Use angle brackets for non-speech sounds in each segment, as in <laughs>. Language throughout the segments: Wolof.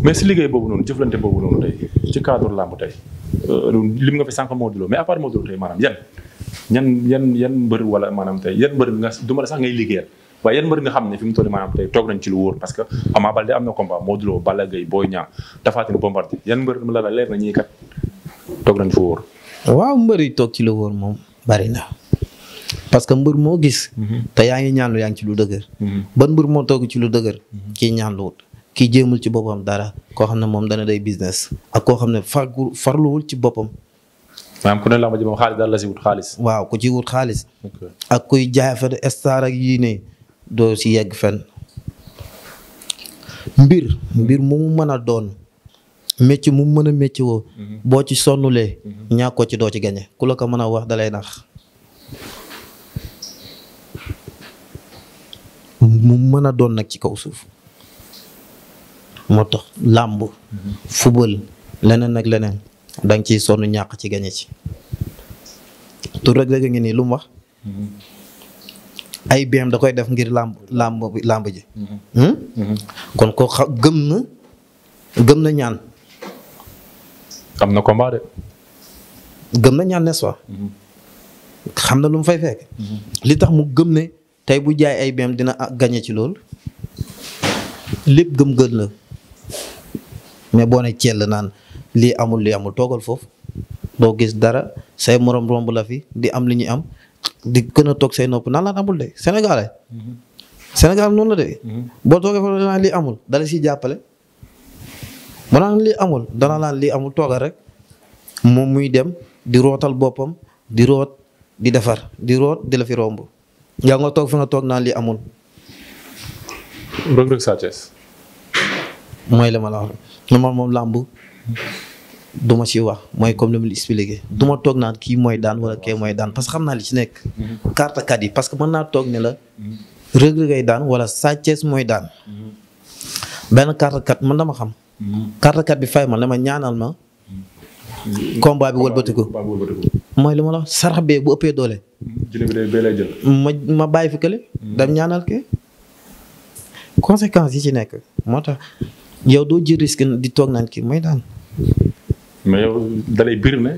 mais si liggéey boobu noonu jëflante boobu noonu tey ci cadre làmb tey euh, lim nga fi sànq Modou Lo mais à part Modou Lo maanaam yan yan mbër wala maanaam tey yan mbër nga du ma la sax ngay liggéeyal waaye yan mbër nga xam ne fi mu toll maanaam tey toog nañ ci lu wóor parce que Ama Baldé am na combat Modou Lo Balla Gaye Boy Niang Tapha yan mbër la leer na ñii kat toog nañ fu wóor. waaw mbër yi toog ci lu wóor moom bari na parce que mbër moo gis. Mhm. te yaa ngi ñaan lu yaa ngi ci lu dëgër. Mhm. ba mbër moo toog ci lu dëgër. Mhm. kii ñaan lu kii jéemul ci boppam dara koo xam ne moom dana day business ak koo xam ne fargu farluwul ci boppam. maanaam ku xaalis waaw ku ci wut xaalis. ak kuy jaay fa star ak yii ne doo si yegg fenn. mbir mbir mu mën a doon métier mu mën a métier woo mhm. boo ci sonnulee mhm. ñàkk ko ci doo ci gañe ku la ko mën a wax dalay nax mu mën a doon nag ci kaw suuf moo tax làmb football leneen ak leneen danga ciy sonn ñàkk ci gañe ci tur rek rek a ngi nii lu mu wax ay biam da koy def ngir làmb làmb làmb ji hmm? kon ko xa gëm na gëm na ñaan am na combat de gëm na ñaan n'est-ce xam na lu mu fay fekk li tax mu gëm ne tey bu jaay ay biam dina gañe ci loolu lépp gëm-gëm la mais boo ne ceel naan lii amul lii amul toogal foofu doo gis dara say moroom romb la fi di am li ñuy am di gën a toog say nopp naan laan amul de Sénégal mm-hmm. Sénégal noonu la de. Mm-hmm. boo toogee foofu danaa lii amul dala siy jàppale. mu lii amul dana naan lii amul toogal rek moom muy dem di rootal boppam di root di defar di root di la romb. yaa nga toog fi nga toog naan lii amul. mooy la ma la wax man moom làmb duma ma ci wax mooy comme li ma la expliqué du ma toog naan kii mooy daan wala kee mooy daan parce que xam naa li ci nekk. Mhm. carte kat parce que mën naa toog ne la. Reug Reug daan wala Sa Thiès mooy daan. Mhm. benn carte man dama xam. Mhm. carte bi fay ma ne ma ñaanal ma. combat bi mooy li ma la wax sarax bee doole. ma bàyyi fi kële. dam ñaanal ke conséquences yi ci nekk moo tax yow doo jël risque di toog naan ki muy daan. bir ne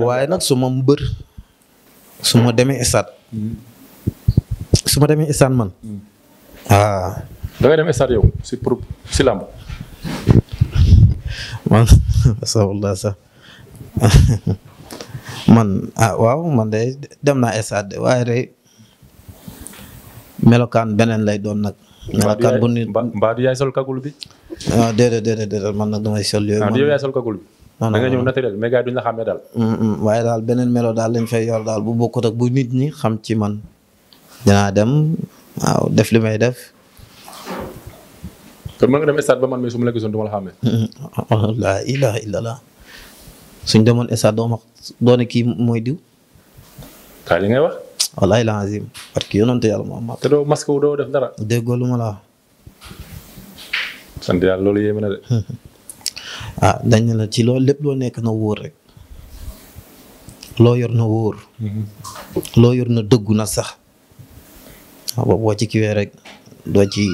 waaye nag su ma mbër su ma demee stade su ma demee stade man. ah. da ngay dem stade yow <laughs> man <laughs> ah, waaw man de dem naa stade waaye de melokaan beneen lay doon nag. melokaan mbaa du yaay sol kagul bi. ah déedéet déedéet déedéet man nag damay sol yooyu. ah yow yaa sol kagul bi. da nga ñëw naturel mais gars yi duñ la xàmmee daal. Mm, mm, waaye daal beneen melo daal lañ fay yor daal bu bokkut ak bu nit ñi xam ci man. dinaa dem waaw def li may def. kon mën nga dem stade ba man mii su ma la gisoon du ma la xàmmee. Mm, laa <laughs> ilaaha illallaah suñ demoon stade doo ma doone kii mooy diw. kaa li ngay wax. wallaahi laa azim parce que yonante yàlla moo ma. te doo masque wu doo def dara. déggoo lu ma la sant yàlla loolu yéeme na de. <laughs> ah dañ ne ci loolu lépp loo nekk na wóor rek. loo yor na wóor. Mm-hmm. loo yor na dëggu na sax. waaw ah, boo ci kiwee rek doo ci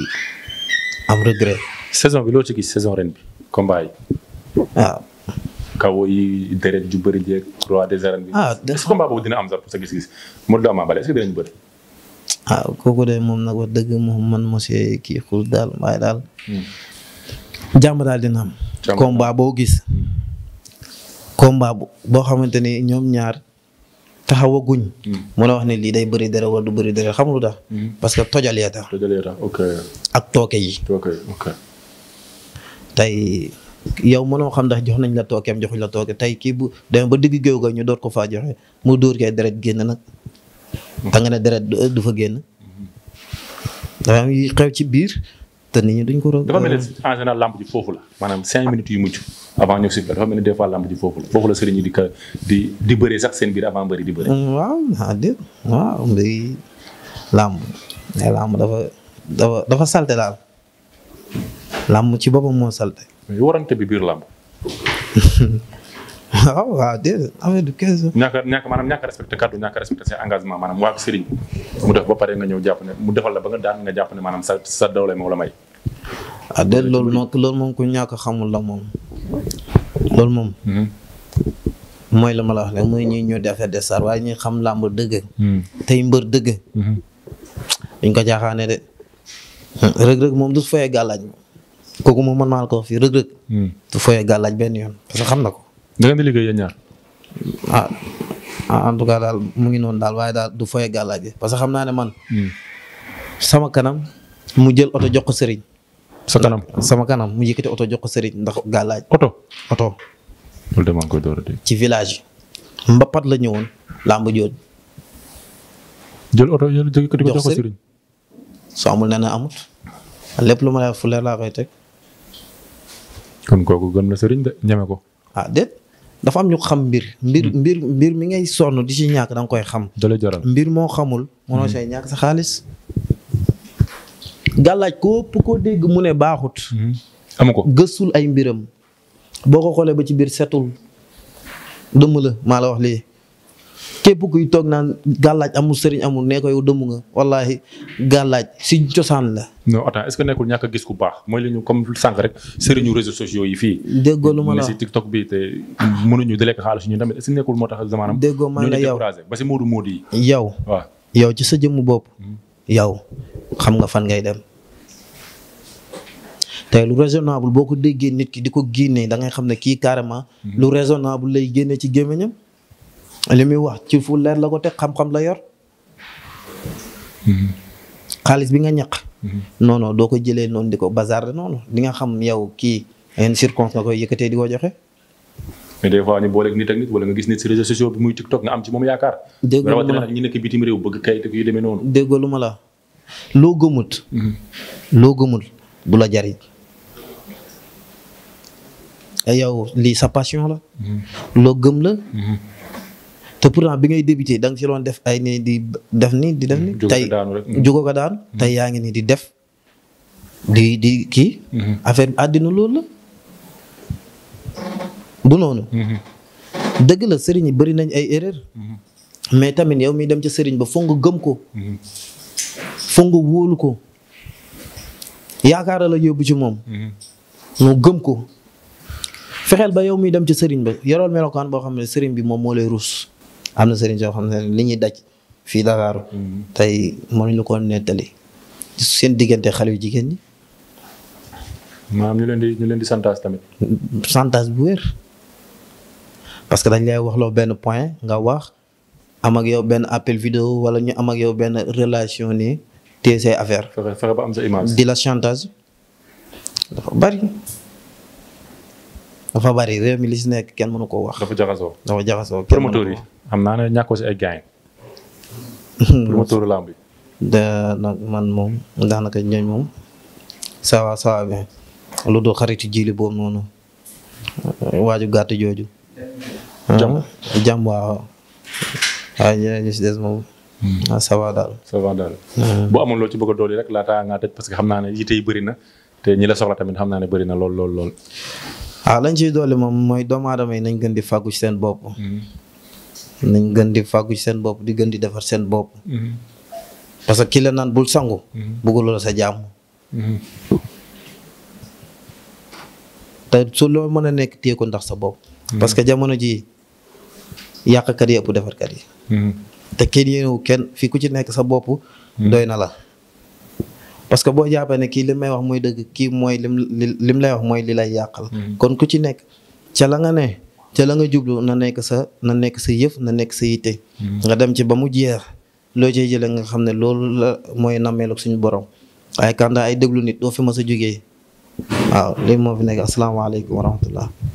am regret. saison bi loo ci gis saison ren bi combat yi. waaw. Ah. kaw ju bëri jeeg roi des arènes bi. ah est-ce que combat ah, moom nag wax dëgg moom man monsieur kii xul daal mbaay daal. Mm. jàmm daal dina am. combat boo gis. combat boo xamante ni ñoom ñaar taxawaguñ. mën hmm. a wax ne lii day bëri dara wala du bëri dara xamul lu tax. Hmm. parce que tojal ak tooke yi. tooke ok. tey yow mënoo xam ndax jox nañ la tookeem joxuñ la tooke tey kii bu demee ba digg géew ga ñu door ko faa joxe mu dóor kay deret génn nag. da hmm. nga génn. am yi xew ci biir. te nit ñi duñ ko. dafa mel ni en général lamb ji foofu la maanaam cinq minutes yu mujj avant ñëw sifflet dafa mel ni des fois lamb ji foofu la foofu la sëriñ di ka di di bëree sax seen biir avant bëri di bëree. Mm, waaw ah déet waaw mbéy lamb dafa dafa dafa salte daal lamb ci boppam moo salte. warante bi biir lamb. <laughs> waaw waaw déedéet affaire du 15 ans. ñàkk a ñàkk maanaam ñàkk a respecté kàddu a respecté seen engagement maanaam waa Serigne mu def ba pare nga ñëw jàpp ne mu defal la ba nga daan nga jàpp ne maanaam sa sa doole moom la may. moom loolu moom xamul la moom loolu moom. Mm-hmm. mooy la ma wax rek mooy ñuy ñëw di affaire de sar waaye ñuy xam làmb dëgg. Mm-hmm. tey mbër dëgg. Mm-hmm. duñ ko jaxaane de. Reug Reug moom du foyee gàllaaj kooku moom man maa la ko wax fii Reug Reug. Mm. du foyee gàllaaj benn yoon parce xam na ko. da ngeen di liggéey yéen ñaar. ah, ah en daal mu ngi noonu daal waaye daal du foyee gàllaaje parce que xam naa ne man. Hmm. sama kanam mu jël oto jox ko sëriñ. sa kanam sama kanam mu yëkkati oto jox ko sëriñ ndax gàllaaj. oto oto. loolu ci village yi. Mbapat la ñëwoon làmb jooj jël oto jël yëkkati sëriñ. soo amul nee na amut lépp lu ma la fu leer laa kon kooku gën na sëriñ de ñeme ko. Ah, dafa am ñu xam mbir. mbir hmm. mbir mbir mi ngay sonn di ci ñàkk danga koy xam. dala jaral mbir moo xamul. mënoo say hmm. ñàkk sa xaalis. gàllaaj képp koo dégg mu ne baaxut. Hmm. amu ko gëstul ay mbiram. boo ko xoolee ba ci biir setul dëmm la maa la wax lii. képp kuy toog naan gàllaaj amul sëriñ amul nee ko yow dëmm nga wallaahi gàllaaj si cosaan la. non attends est-ce que nekkul ñàkk a gis ku baax mooy li ñu sànq rek sëriñu réseaux sociaux yi fii. déggoo lu ma la si TikTok bi te mënuñu di lekk xaalis ñu tamit est-ce nekkul moo tax zamanam. déggoo man la yow ba si Modou Modou yi. yow waaw yow ci sa jëmmu bopp. Hmm. yow xam nga fan ngay dem. te lu raisonnable boo ko déggee nit ki di ko génnee dangay xam ne kii carrément. Hmm. lu raisonnable lay génnee ci gémmiñam li muy wax ci fu leer la ko teg xam-xam la yor. xaalis bi nga ñaq. non doo ko jëlee noonu di ko bazar noonu di nga xam yow kii yenn circonstance nga koy yëkkatee di ko joxe. mais des fois ñu nit wala nga gis nit si réseaux sociaux bi muy TikTok nga am ci moom yaakaar. dégg lu ma la ñi nekk bitim réew bëgg kayit yu demee noonu. loo gëmut. loo gëmul du la jariñ. Eh yow lii sa passion la. Mm-hmm. loo gëm la. Mm-hmm. te pourtant bi ngay débuté da nga ci doon def ay nii di def nii di def nii. tey jógo ko daan mm. mm. tey yaa ngi nii di def di di kii. Mm-hmm. affaire bi àddina loolu la. du noonu. Mm-hmm. dëgg la sëriñ nañ ay mm-hmm. mais tamit yow miy dem ci sëriñ ba foog nga gëm ko. foog nga wóolu ko. yaakaara la yóbbu ci moom. nga gëm ko. fexeel ba yow miy dem ci sëriñ ba yorool melokaan boo xam ne sëriñ bi moom moo lay ruus. am na sëriñ soo xam ne ni ñuy daj fii Dakar. Mhm. tey mënuñu ko nettali seen diggante xale yu jigéen ñi. maanaam ñu leen di ñu tamit. santaas bu wér. parce que dañ lay waxloo benn point nga wax am ak yow benn appel vidéo wala ñu am ak yow benn relation ni téye affaire. fexe fexe di la chantage dafa bari. dafa bari réew mi li si nekk kenn mënu koo wax. dafa jaxasoo dafa jaxasoo. promoteur yi xam naa ne ñàkkoo si ay gaañ. lu hmm. ma tuuru làmb yi. nag man moom daanaka ñooñ moom sawaa sawa bi lu dul xaritu jiili boobu noonu waaju gàtt jooju. Ah, jàmm jàmm waaw. waaw ñeneen si des moom. Hmm. ah ça va daal. ça va daal. Hmm. bu amoon ci bëgg a dool yi rek laataa ngaa tëj parce que xam naa ne yitte yi bëri na te ñi soxla tamit xam naa ne bëri na lool lool lool. Ah, lañ ciy doole moom mooy doomu aadama yi nañ gën di fàggu ci seen bopp. nañ gën di fàggu ci seen bopp di gën di defar seen bopp. Mm-hmm. parce que ki la naan bul sangu. Mm-hmm. bëggul la sa jàmm. Mm-hmm. su loo mën a nekk téye ko ndax sa bopp. parce que jamono ji yàqkat yi ëpp defarkat te kenn yéenewu kenn fii ku ci nekk sa bopp. doy na la. parce que boo jàppee ne kii li wax mooy dëgg kii mooy lim lay wax mooy li lay yàqal. kon ku ci nekk ca la nga ca la nga jublu na nekk sa na nekk sa yëf na nekk sa yitte. Mm-hmm. nga dem ci ba mu jeex loo cay jëlee nga xam ne loolu la mooy nammeelu suñu borom. waaye kandaa ay déglu nit doo fi sa a jógee waaw léegi moo fi nekk asalaamaaleykum wa rahmatullah